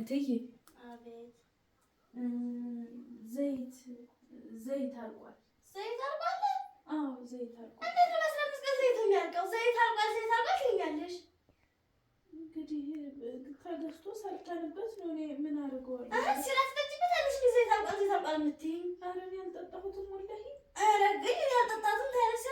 እትዬ አቤት። ዘይት ዘይት አልቋል። ዘይት አልቋል። አዎ ዘይት አልቋል። እንዴት ነው አስራ አምስት ቀን ዘይት የሚያልቀው? ዘይት አልቋል። ዘይት አልቋል ትይኛለሽ። እንግዲህ ሰርተንበት ነው። እኔ ምን ጊዜ ዘይት አልቋል። ዘይት አልቋል የምትይኝ? እኔ አልጠጣሁትም ወላሂ። ግን እኔ ታያለሽ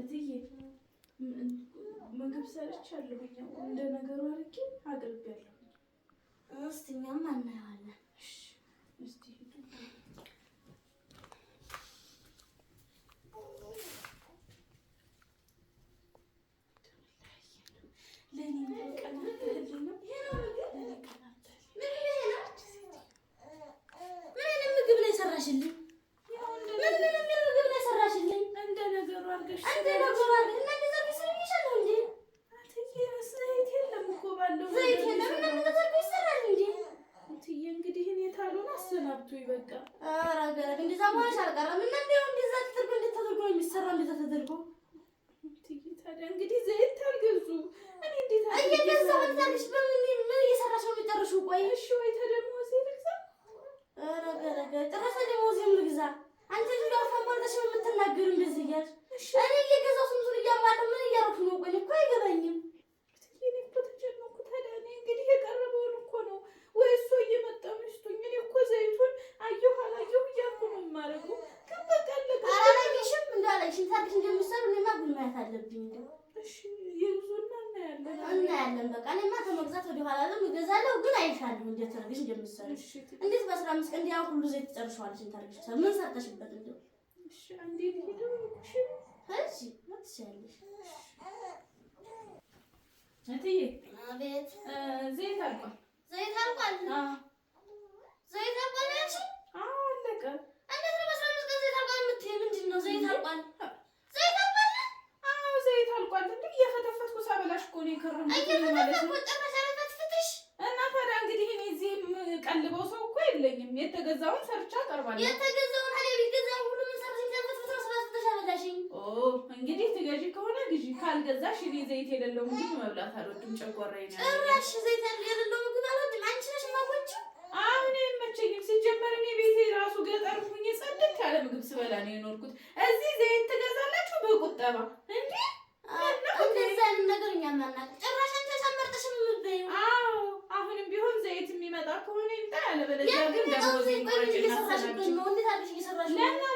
እትዬ ምግብ ሰርቻለሁኝ እንደ ነገሩ አድርጌ አቅርቤያለሁ። እስቲ እኛም እናየዋለን። አሰናብቶ ይበቃ። ኧረ ገረድ እንደዛ መሆንሽ አልቀረም እና እንደው እንደዛ ተደርጎ እንዴት ተደርጎ ነው የሚሰራው? እንደዛ ተደርጎ ታዲያ እንግዲህ ዘይት አልገዙ እየገዛ ወልታለሽ? በምን ምን እየሰራሽ ነው የሚጨርሺው? ቆይ እሺ ወይ ተደሞዜ ልግዛ? ኧረ ገረድ ጭራሽ ተደሞዜ ልግዛ? አንቺ እንደው አፋን ሞልተሽ የምትናገሪው እንደዚህ በቃ እኔማ ከመግዛት ኋላ ነው እገዛለሁ፣ ግን አይሻልም። እንዴት ተርግሽ እንደምትሰሪ እንዴት በአስራ አምስት ቀን ሁሉ ዘይት ጨርሸዋለች። እንታርግሽ ምን ሰርተሽበት እንደው እሺ፣ እንዴት እትዬ፣ ዘይት አልቋል፣ ዘይት አልቋል፣ ዘይት አልቋል ያልሽኝ እንግዲህ ትገዢ ከሆነ ግዢ፣ ካልገዛሽ እኔ ዘይት የሌለው ምግብ መብላት አልወድም። ጨጓራዬ ነው ጭራሽ ዘይት የሌለው ምግብ አልወድም። አንቺ ነሽ የማወጪው። አሁን አይመቸኝም። ሲጀመር እኔ ቤቴ ራሱ ገጠር ሁኜ ጸድቅ ያለ ምግብ ስበላ ነው የኖርኩት። እዚህ ዘይት ትገዛላችሁ በቁጠባ እንዴ? እንደዛ አሁንም ቢሆን ዘይት የሚመጣ ከሆነ ይምጣ፣ ያለበለዚያ ግን ደሞዝ ዘይት ቆርጭ ነው። እንዴት አድርገሽ እየሰራሽ ነው?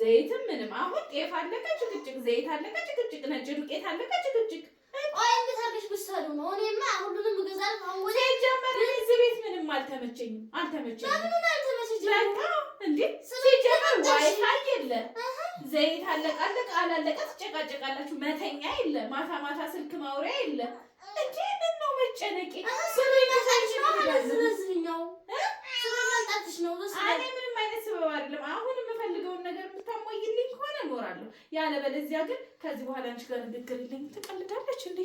ዘይትም ምንም አሁን ጤፍ አለቀ ጭቅጭቅ፣ ዘይት አለቀ ጭቅጭቅ፣ ነጭ ዱቄት አለቀ ጭቅጭቅ። እዚህ ቤት ምንም አልተመቸኝም አልተመቸኝም። ዋይፋይ የለ ዘይት አለቀ አለቀ አላለቀ ትጨቃጨቃላችሁ። መተኛ የለ ማታ ማታ ስልክ ማውሪያ የለ። እንዴት ነው መጨነቄ? ያለበለዚያ ግን ከዚህ በኋላ አንቺ ጋር ንግግር የለኝ። ትቀልዳለች እንዴ?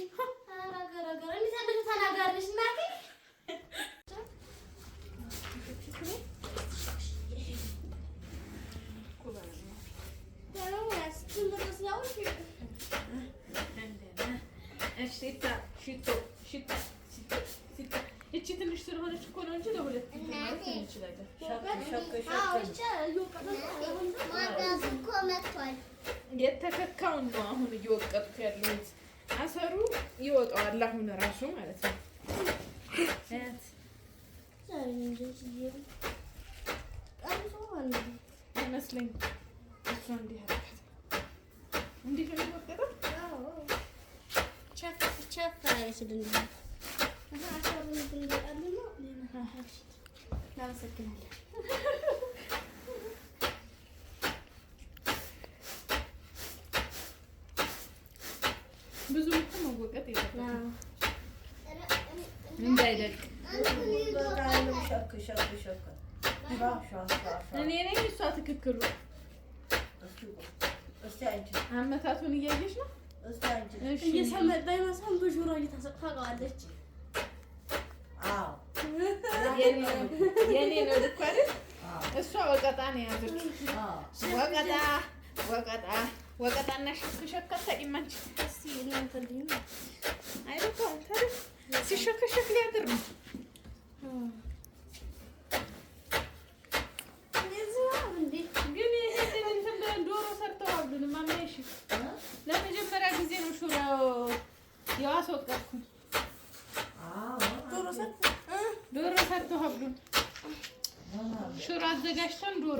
ተናጋሪሽ ናት። እቺ ትንሽ ስለሆነች እኮ ነው እንጂ ለሁለት ይችላል። የተከካውን ነው አሁን እየወቀጡት ያለሁት። አሰሩ ይወጣዋል አሁን ራሱ ማለት ነው። ይመስለኝ እሷ እንዲህ ያልካት እንዲህ ነው የሚወቀጠው። አመሰግናለሁ። ብዙ ልክ መወቀጥ የለም እንዳይደቅ እኔ ነኝ እሷ ትክክሉ። አመታቱን እያየች ነው እየሰመጣ ይመስላል። በጆሮ ታውቀዋለች። የኔ ነው ልኳ አይደል? እሷ ወቀጣ ነው የያዘችው። ወቀጣ ወቀጣ ወቀጣና ሽክሽከት ሲሸከሸክ ሊያድር ነው። ዶሮ ሰርተው ማምሽ ለመጀመሪያ ጊዜ ነው ሹሮ ያስወቀጥኩኝ። ዶሮ ሰርተዋል። ሹሮ አዘጋጅተን ዶሮ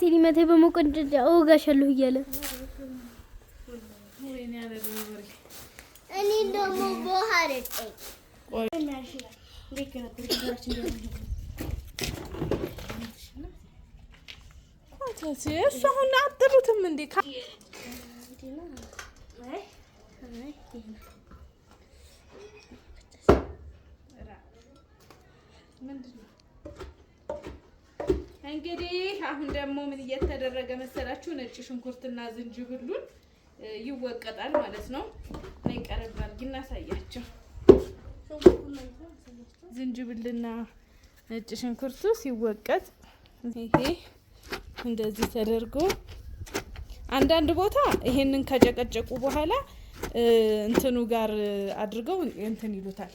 ሊመቴ ሊመቴ በመቆንጨጫ እወጋሻለሁ እያለ እኔ ደግሞ አሁን አጥሩትም እንዴ ምንድን እንግዲህ አሁን ደግሞ ምን እየተደረገ መሰላችሁ? ነጭ ሽንኩርትና ዝንጅብሉን ይወቀጣል ማለት ነው። እኔ ቀረብ አድርጊ እናሳያቸው። ዝንጅብልና ነጭ ሽንኩርቱ ሲወቀጥ ይሄ እንደዚህ ተደርጎ አንዳንድ ቦታ ይሄንን ከጨቀጨቁ በኋላ እንትኑ ጋር አድርገው እንትን ይሉታል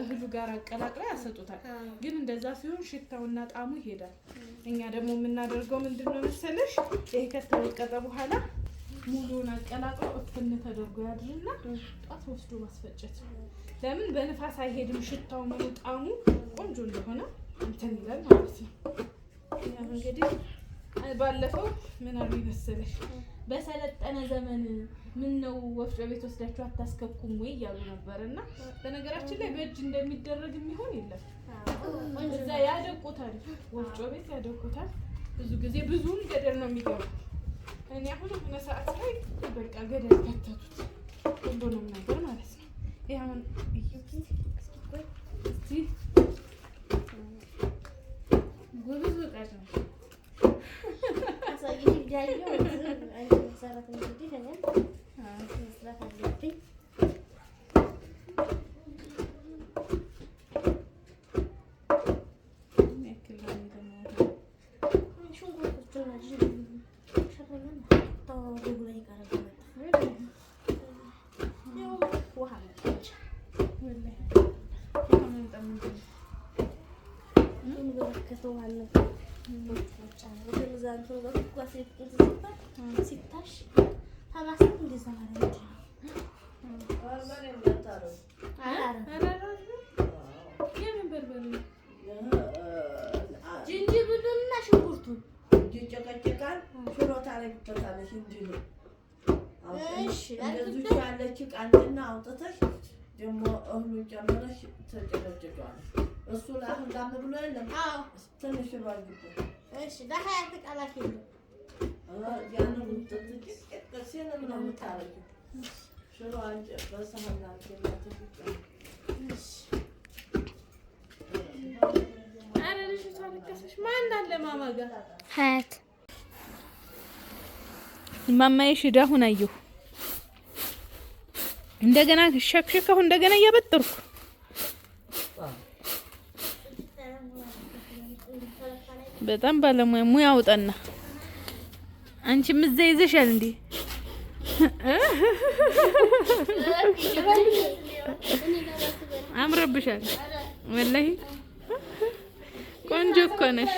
እህሉ ጋር አቀላቅለ ያሰጡታል። ግን እንደዛ ሲሆን ሽታውና ጣዕሙ ይሄዳል። እኛ ደግሞ የምናደርገው ምንድን ነው መሰለሽ? ይሄ ከተወቀጠ በኋላ ሙሉውን አቀላቅሎ እፍን ተደርጎ ያድርና ጧት ወስዶ ማስፈጨት። ለምን በንፋስ አይሄድም። ሽታው ምኑ ጣዕሙ ቆንጆ እንደሆነ እንትን ይላል ማለት ነው። እንግዲህ ባለፈው ምን አሉ መሰለሽ በሰለጠነ ዘመን ምን ነው ወፍጮ ቤት ወስዳችሁ አታስከብኩም ወይ እያሉ ነበር። እና በነገራችን ላይ በእጅ እንደሚደረግ የሚሆን የለም። እዛ ያደቁታል፣ ወፍጮ ቤት ያደቁታል። ብዙ ጊዜ ብዙም ገደል ነው የሚገቡ። እኔ አሁን የሆነ ሰዓት ላይ በቃ ገደል ከተቱት ሁሉንም ነገር ማለት ነው። ይሁን ጎበዝ ወጣት ነው። geliyor. Önce mısır bakımı gidiyor. Mısır bakımı gidiyor. Gracias. ሲታሽ ዝንጅብሉና ሽንኩርቱ ይጨቀጭቃል። ሽሮታ ላይ እንዲሉ እንደዚሁ ያለች ቃልና አውጥተሽ ደግሞ እህሉን ጨምረሽ ትጨቀጭቀዋለሽ። እሱ አሁን ዳም ብሎ የለም። አዎ ትንሽ ነው አልኩት። እሺ ለሀያት ቃላት የለም። ያንን ጥቂት ነው የምታረጊው። ሽሮ ሀያት ማማዬ ሽዳ ሁን አየሁ። እንደገና ሸክሸከሁ እንደገና እያበጠርኩ በጣም ባለሙያ ሙያ አውጣና አንቺ ምዘ ይዘሻል እንዴ? አምረብሻል። ወላሂ ቆንጆ እኮ ነሽ።